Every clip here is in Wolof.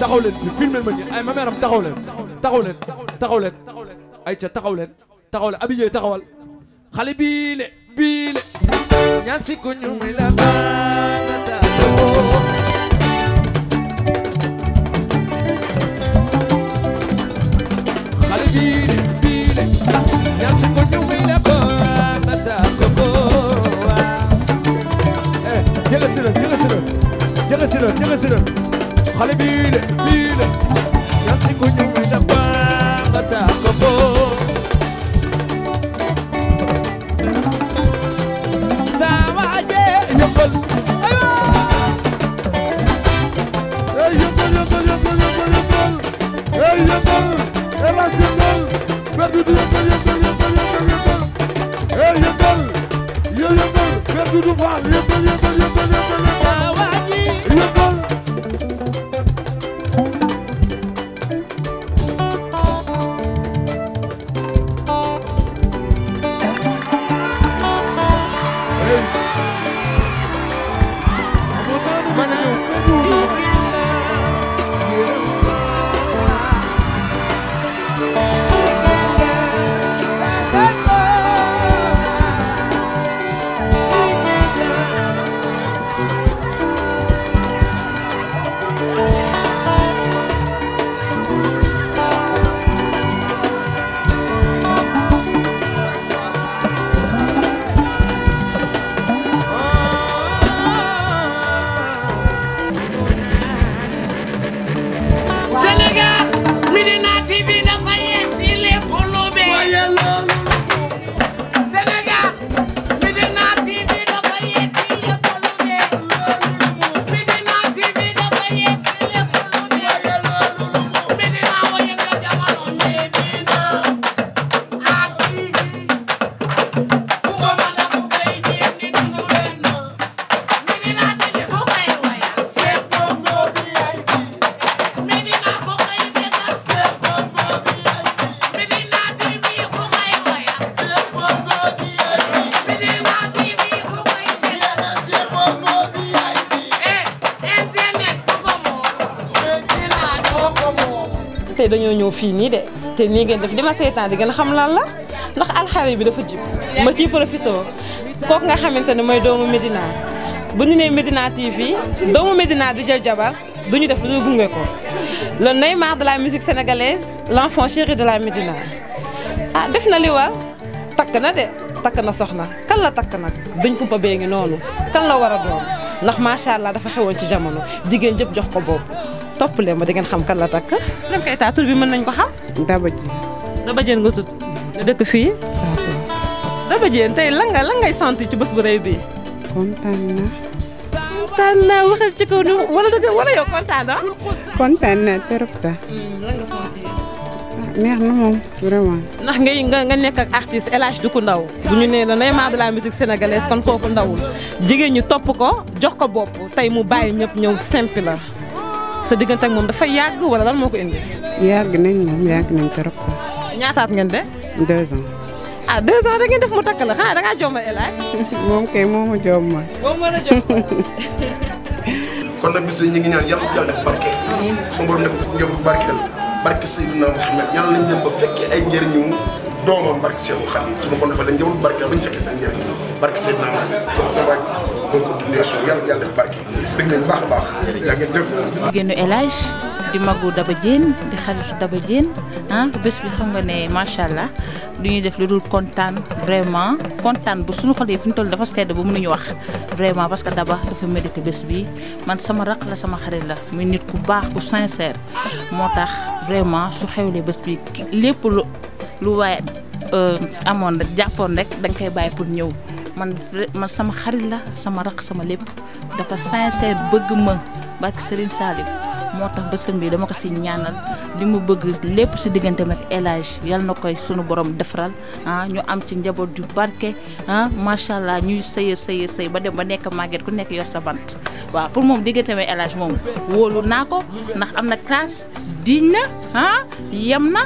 taxaw leen filmel ma ñu ay ma meeram taxaw leen taxaw leen taxaw leen ay ca taxaw leen taxaw leen abijee taxawal xale biile biile ñaan si ko ñu mi la baanata xale biile biile ñaan si ko ñu dañoo ñëw fii nii de te nii ngeen def di ma seetaan di gën a xam lan la ndax alxames bi dafa jib ma ciy profité kooku nga xamante ne mooy doomu Medina bu ñu nee Medina TV doomu Medina di jël jabar du ñu def lu ñu gunge ko le Neymar de la musique sénégalaise l'enfant chéri de la Medina ah def na li war takk na de takk na soxna kan la takk nag dañ kumpa bee ngi noonu kan la war a doon ndax macha allah dafa xewoon ci jamono jigéen jëpp jox ko boobu. topp leen ma di ngeen xam kan la takk. Marème Keita tur bi mën nañ ko xam. Daba Diène. nga tudd. nga dëkk fii. Fassou. Daba tey lan nga lan sant ci bés bu rëy bi kontaan na. kontaan ci kaw ni wala dëgg wala yow kontaan hmm, nga sant. Ah, neex na moom ndax nga nga nekk ak artiste El Hadj ku ndaw bu ñu nee la Neymar de la musique sénégalaise kon kooku ndawul jigéen ñu topp ko jox ko bopp tey mu bàyyi ñëpp ñëw simple la. sa diggante ak moom dafa yàgg wala lan moo ko indi. yàgg nañ moom yàgg nañ ñaataat ngeen de. deux ans. ah deux def mu takk la xanaa da ngaa jomba El Hadj. moom kay moom moo la kon nag bis bi ñu ngi ñaan yàlla yàlla def barke. su borom def njëriñ barkeel barke Seydina Mouhamed yàlla nañ dem ba fekkee ay njëriñu doomam barke Seexul Xaadim su ma ko defee la njëriñ barkeel ba ñu fekkee seen njëriñ barke Seydina Mouhamed kon sa waaj. donc dundee suuf di mago Daba Diène di xaritu Daba Diène ah bés bi xam nga ne macha allah du ñuy def lu dul kontaan vraiment kontaan bu suñu xol yi fi ñu toll dafa sedd ba mënuñu wax vraiment parce que Daba dafa mérité bés bi man sama raq la sama xarit la muy nit ku baax ku sincère moo tax vraiment su xewlee bés bi lépp lu lu waaye euh, amoon rek jàppoon rek danga koy bàyyi pour ñëw man man sama xarit la sama raq sama lépp dafa sincère bëgg ma barke Serigne Saliou moo tax ba sëñ bi dama ko si ñaanal li mu bëgg lépp si diggante ma El Hadj yal na koy sunu borom defaral ah ñu am si njaboot ju barke ah macha allah ñuy sëye sëye sëy ba dem ba nekk màgget ku nekk yor sa bant waaw pour moom diggante nag El moom wóolu naa ko ndax am na classe diñ na ah, yem na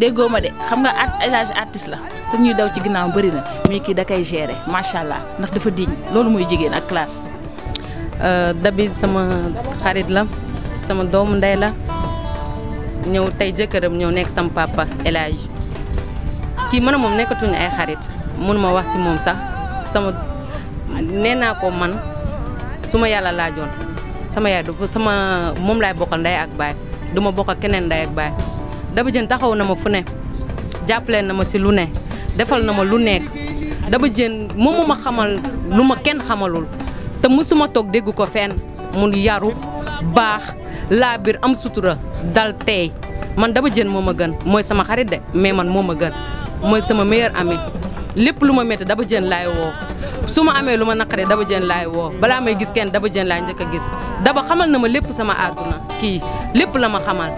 déggoo ma de xam nga art El Hadj la. ak ñuy daw ci ginnaaw bëri na mais kii da koy gérer macha allah ndax dafa diñ loolu mooy jigéen ak classe. Euh, Dabi sama xarit la sama doomu ndey la ñëw tey jëkkëram ñëw nekk sama pàppa El kii mën a moom nekkatuñu ay xarit mun ma wax si moom sax sama nee naa ko man suma yàlla laajoon sama yaay du sama moom laay bokkal ndey ak baay du ma bokkal keneen ndey ak baay Dabi Jën taxaw na ma fu ne jàppale na ma si lu ne. defal na ma lu nekk Daba jén moom ma xamal lu ma kenn xamalul te mësuma toog dégg ko fenn mu yaru baax laa biir am sutura dal tey man Daba Diène moom ma gën mooy sama xarit de mais man moom ma gën mooy sama meilleur ami lépp lu ma métti Daba Diène laay woo su ma amee lu ma naqaree Daba Diène laay woo balaa may gis kenn Daba Diène laay njëkk a gis Daba xamal na ma lépp sama àdduna kii lépp la ma xamal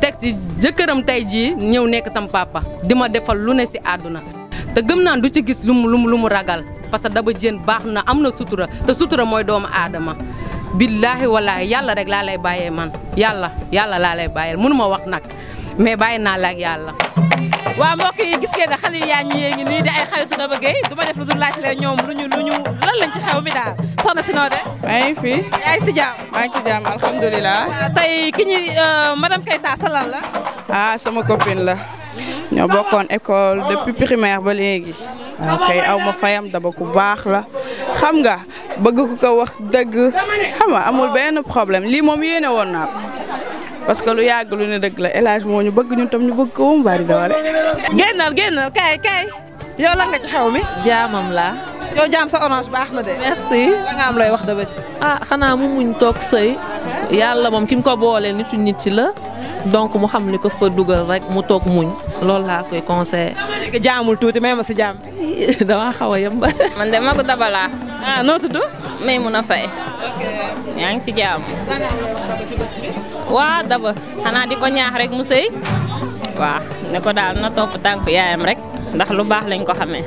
teg si jëkkëram tey jii ñëw nekk sama papa di ma defal lu ne si àdduna te gëm naan du ci gis lu mu lu lu mu ragal parce que Daba Diène baax na am na sutura te sutura mooy doomu aadama billaahi wallaahi yàlla rek laa lay bàyyee man yàlla yàlla laa lay bàyyee ma wax nag mais bàyyi naa la yàlla. waaw mbokk yi gis ngeen ne xale yaa ñi yee ngi nii di ay xaritu Daba Gueye du ma def lu dul laaj leen ñoom lu ñu lu ci xew mi daal soxna si de. maa fi. yaa si jàmm. maa ngi ci jàmm tey ki ñuy euh, madame Keita sa lan la. ah sama copine la. ñoo bokkoon école depuis primaire ba léegi waaw ah, kay aw ma fayam daba ku baax la xam nga bëgg ko wax dëgg xam amul benn problème lii moom yéene woon naa ko parce que lu yàgg lu ne dëgg la élage moo ñu bëgg ñun tam ñu bëgg ko woon bari doole. génnal génnal kay kay yow lan nga ci xew mi. jaamam laa. yow jaam sa orange baax na de. merci la am looy wax daba ah xanaa mu muñ toog sëy eh? yàlla moom ki mu ko boole nitu nit ci la. donc mu xam ni ko ko dugal rek mu toog muñ loolu laa koy conseillé. jaamul tuuti may ma si jaam. damaa xaw a yem ba. man de magu dabalaa. ah noo tudd. may mun a fay. yaa ngi si jaam. waa daba xanaa di ko ñaax rek mu sëy waaw ne ko daal na topp tànk yaayam rek ndax lu baax lañ ko xamee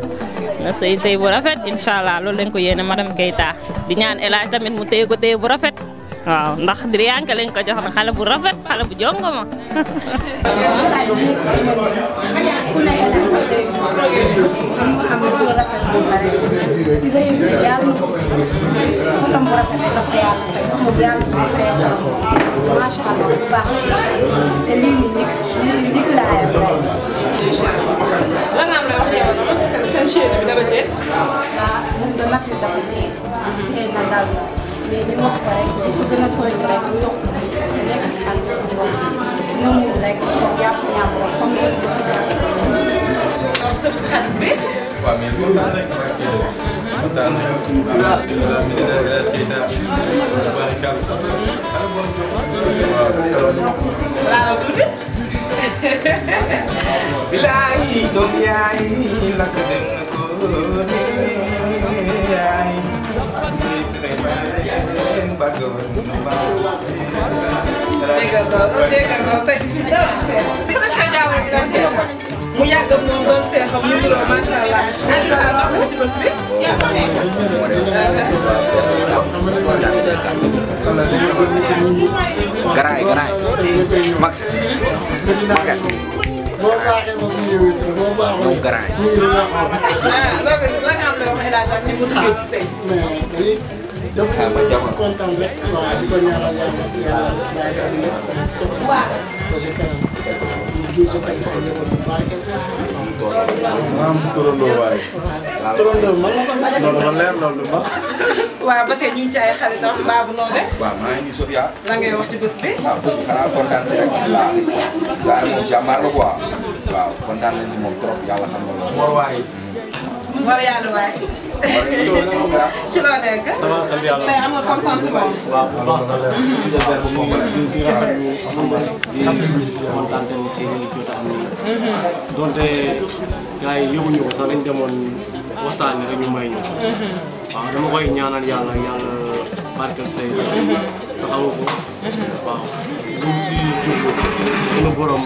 na sëy sëy bu rafet incha allah loolu lañ ko yéene madame Keita di ñaan El tamit mu téye ko téye bu rafet. waaw ndax Diriyanka lañ ko jox na xale bu rafet xale bu jongo ma la mais ñu mën ko rek ku gën a soññ rek ñu yokk parce que nekk xar nga si bopp nga muur rek toog yàpp ñàpp rek comme loolu la ko jàpp. sa bis xarit bi. waaw mais loolu la rek. kontaan nañu si mu baax. laala tuuti. bilaay doom yaay lakk dem ko yaay. bagulho, bagulho. Dégagant, dégagant, certo. mu yàgg moom doon seexam mu niroo macha allah. garaay garaay. max. magat. boo baaxee moom ñu ñëwee si la boo baaxul. ñoom garaay. ah loolu la nga am ne wax El Hadj ak ni mu duggee ci sëy. dafa kontaan rek waaw di ko ñaanal yàlla yàlla bàyyi ko yëpp soxna si projet kanam ñu jur sa kanam ak njaboot bu barke maam turandoo waay turandoo man loolu ma leer loolu ma waaw ba tey ñu ngi ci ay xarit am baabu noo de. waaw maa ngi nuyu Sofia. lan ngay wax ci bés bi. waaw bés bi xanaa kontaan si rek. waaw Saare moom jàmbaar la quoi. waaw kontaan nañ si moom trop yàlla xam nga loolu. moo waay. wala yàlla waay. ci loo nekk. ça va sant yàlla tey am nga contentement. waaw bu baax sax. di di rafetlu di kontaan tamit seen i jot am nii. donte gars yi yëguñu ko sax dañ demoon waxtaan rek ñu may ñu. waaw dama koy ñaanal yàlla yàlla barkeel say taxawu ko. waaw lu mu si jublu suñu borom.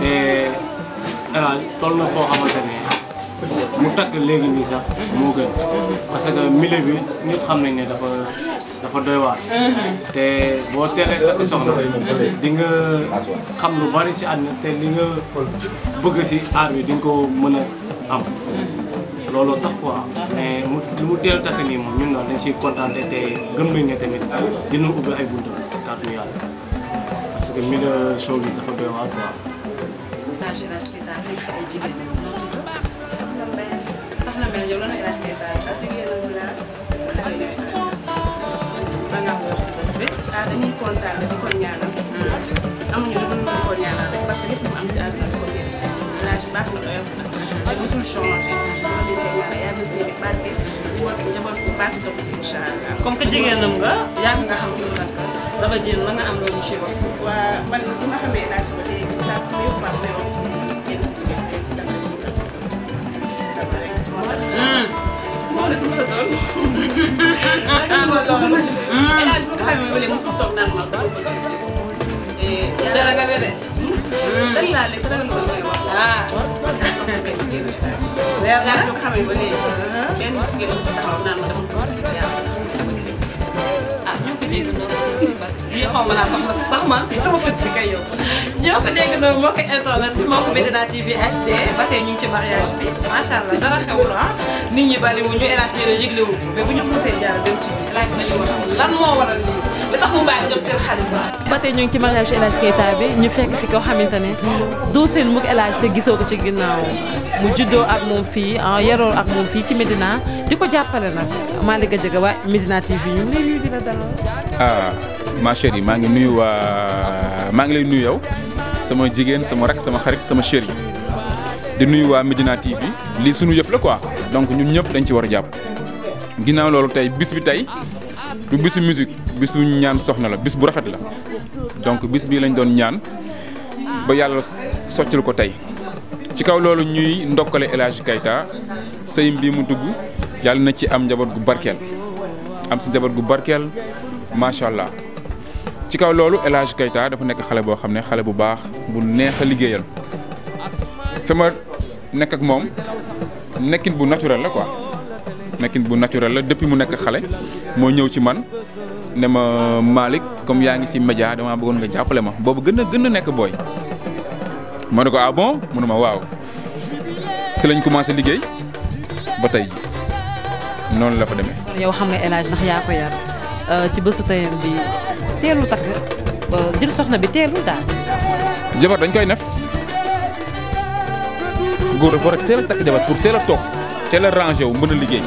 te El Hadj toll na foo xamante ne mu takk léegi nii sax moo gën parce que milieu bi ñëpp xam nañ ne dafa dafa doy waar. Mm-hmm. te boo teelee takk soxna di nga xam lu bari si àddina te li nga bëgg si aar bi di ko mën a am. looloo tax quoi mais mu li mu teel takk nii moom ñun daal dañ si kontaan te gëm nañ ne tamit dina ubbi ay buntam si kàddu yàlla parce que milieu show bi dafa doy waar quoi. stage El Hadj Keita fekk fa ay jigéen ñoo tudd Soxna Mbaye Soxna Mbaye yow lan la El Hadj Keita ndax jigéen ñi daal dafay ñooy ànd. lan nga ko wax ci bés bi ah dañuy kontaan dañu ko ñaanal. amuñu lu dul ko ñaanal rek parce que lépp mu am si àdduna bi ko jëlee El Hadj baax na oyof. musul changé loolu tey yàlla yaa ngi sëy bi barke njaboot bi njaboot bu baax topp si incha allah. comme que jigéenam nga. yaa nga xam fi mu nag dafa jéem mën nga am loolu ci wax. waa man bu nga xamee laaj ba léegi si laaj bi yëpp may wax si génn jigéen tey si dama sa dama rek moo tax. moo tax mu sa doon. maa ngi xamee ba léegi mosuma toog naan ma dara nga ne de. lan laa lekk dara nga ah weer naa ko xamee ba léegi. benn jigéen bu taxaw naan ma dama ko ah ñoo ko dégg noonu. lii xaw ma laa sax ma sax ma sama bët bi kay yow. ñoo ko dégg noonu moo ko internet bi moo ko Médina TV HD ba tey ñu ngi ci mariage bi macha allah dara xewul ah. nit ñi bari wu ñu élargir yëgle wu mais bu ñu mosee jaar dem ci biir laaj nañu wax lan moo waral lii. ba tey ñu ngi ci mariage El Hadj Keita bi ñu fekk fi koo xamante ne doo seen mukk El te gisoo ko ci ginnaaw mu juddoo ak moom fii ah, yaroo ak moom fii ci Medina di ko jàppale nag Malick Gadiaga waa Medina TV ñu ah, maa ngi nuyu waa maa ngi lay nuyu sama jigéen sama rak sama xarit sama chérie di nuyu waa Medina TV lii sunu yëpp la quoi donc ñun ñëpp dañ ci war a jàpp ginnaaw loolu tey bis bi tey. du bisu musique bisu ñaan soxna la bis bu rafet la donc bis bii lañ doon ñaan ba yàlla sottil ko tey ci kaw loolu ñuy ndokkale El Hadj sëy sëyim mu dugg yàlla na ci am njaboot gu barkeel am si njaboot gu barkeel macha allah ci kaw loolu El Hadj Keita dafa nekk xale boo xam ne xale bu baax bu neex a liggéeyal sama nekk ak moom nekkin bu naturel la ko nekkin bu naturel la depuis mu nekk xale moo ñëw ci man ne ma Malick comme yaa ngi ci média damaa bëggoon nga jàppale ma boobu gën a gën a nekk booy. ma ne ko ah bon mu ne ma waaw si lañ commencé liggéey ba tey noonu la fa demee. yow xam nga El Hadj ndax yaa ko yar euh, ci bësu tayam bi teelul takk jël soxna bi teelul daal. jabar dañ koy nef góor de war a teel takk jabar pour teel a toog. ca la wu mën a liggéey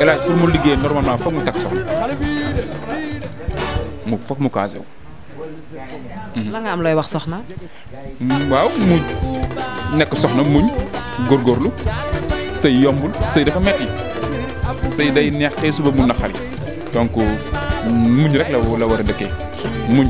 El Hadj pour mu liggéey normalement foog mu takk soxna mu foog mu casé wu. Mhm. la nga am looy wax soxna. waaw mu nekk soxna muñ góorgóorlu sëy yombul sëy dafa metti sëy day neex tey suba mun na xari donc mu rek la la war a dëkkee muñ.